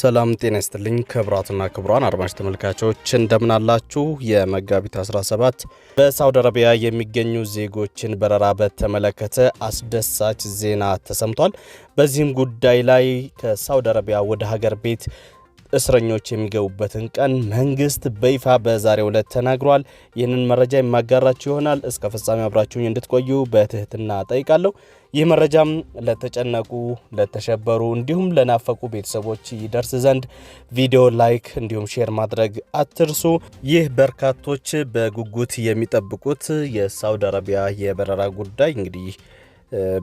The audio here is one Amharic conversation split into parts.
ሰላም ጤና ይስጥልኝ ክብራትና ክብሯን አድማጭ ተመልካቾች እንደምናላችሁ። የመጋቢት 17 በሳውዲ አረቢያ የሚገኙ ዜጎችን በረራ በተመለከተ አስደሳች ዜና ተሰምቷል። በዚህም ጉዳይ ላይ ከሳውዲ አረቢያ ወደ ሀገር ቤት እስረኞች የሚገቡበትን ቀን መንግስት በይፋ በዛሬው ዕለት ተናግሯል። ይህንን መረጃ የማጋራችሁ ይሆናል። እስከ ፍጻሜ አብራችሁኝ እንድትቆዩ በትህትና ጠይቃለሁ። ይህ መረጃም ለተጨነቁ፣ ለተሸበሩ እንዲሁም ለናፈቁ ቤተሰቦች ይደርስ ዘንድ ቪዲዮ ላይክ እንዲሁም ሼር ማድረግ አትርሱ። ይህ በርካቶች በጉጉት የሚጠብቁት የሳውዲ አረቢያ የበረራ ጉዳይ እንግዲህ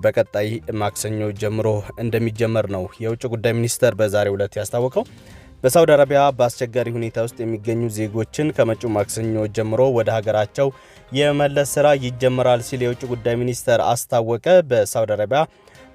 በቀጣይ ማክሰኞ ጀምሮ እንደሚጀመር ነው የውጭ ጉዳይ ሚኒስቴር በዛሬው ዕለት ያስታወቀው። በሳውዲ አረቢያ በአስቸጋሪ ሁኔታ ውስጥ የሚገኙ ዜጎችን ከመጪው ማክሰኞ ጀምሮ ወደ ሀገራቸው የመለስ ስራ ይጀመራል ሲል የውጭ ጉዳይ ሚኒስተር አስታወቀ። በሳውዲ አረቢያ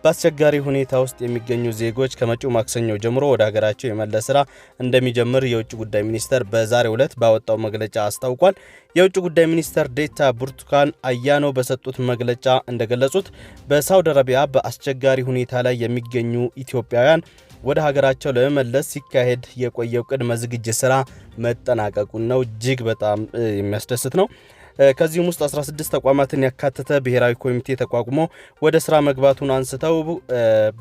በአስቸጋሪ ሁኔታ ውስጥ የሚገኙ ዜጎች ከመጪው ማክሰኞ ጀምሮ ወደ ሀገራቸው የመለስ ስራ እንደሚጀምር የውጭ ጉዳይ ሚኒስተር በዛሬው ዕለት ባወጣው መግለጫ አስታውቋል። የውጭ ጉዳይ ሚኒስተር ዴታ ብርቱካን አያኖ በሰጡት መግለጫ እንደገለጹት በሳውዲ አረቢያ በአስቸጋሪ ሁኔታ ላይ የሚገኙ ኢትዮጵያውያን ወደ ሀገራቸው ለመመለስ ሲካሄድ የቆየው ቅድመ ዝግጅት ስራ መጠናቀቁን ነው። እጅግ በጣም የሚያስደስት ነው። ከዚህም ውስጥ 16 ተቋማትን ያካተተ ብሔራዊ ኮሚቴ ተቋቁሞ ወደ ስራ መግባቱን አንስተው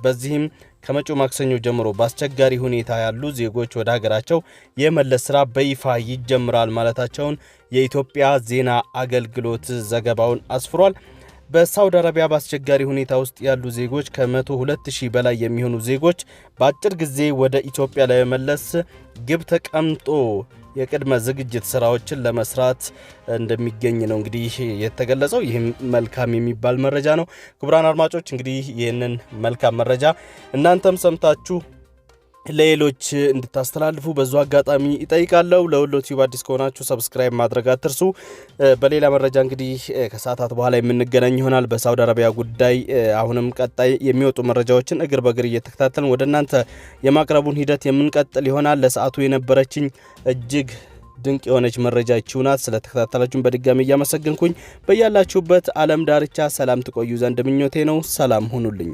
በዚህም ከመጪው ማክሰኞ ጀምሮ በአስቸጋሪ ሁኔታ ያሉ ዜጎች ወደ ሀገራቸው የመለስ ስራ በይፋ ይጀምራል ማለታቸውን የኢትዮጵያ ዜና አገልግሎት ዘገባውን አስፍሯል። በሳውዲ አረቢያ በአስቸጋሪ ሁኔታ ውስጥ ያሉ ዜጎች ከ102 ሺህ በላይ የሚሆኑ ዜጎች በአጭር ጊዜ ወደ ኢትዮጵያ ለመመለስ ግብ ተቀምጦ የቅድመ ዝግጅት ስራዎችን ለመስራት እንደሚገኝ ነው እንግዲህ የተገለጸው። ይህም መልካም የሚባል መረጃ ነው። ክቡራን አድማጮች እንግዲህ ይህንን መልካም መረጃ እናንተም ሰምታችሁ ለሌሎች እንድታስተላልፉ በዙ አጋጣሚ ይጠይቃለሁ። ለወሎ ቲዩብ አዲስ ከሆናችሁ ሰብስክራይብ ማድረግ አትርሱ። በሌላ መረጃ እንግዲህ ከሰዓታት በኋላ የምንገናኝ ይሆናል። በሳውዲ አረቢያ ጉዳይ አሁንም ቀጣይ የሚወጡ መረጃዎችን እግር በእግር እየተከታተልን ወደ እናንተ የማቅረቡን ሂደት የምንቀጥል ይሆናል። ለሰዓቱ የነበረችኝ እጅግ ድንቅ የሆነች መረጃችሁ ናት። ስለተከታተላችሁን በድጋሚ እያመሰግንኩኝ በያላችሁበት ዓለም ዳርቻ ሰላም ትቆዩ ዘንድ ምኞቴ ነው። ሰላም ሁኑልኝ።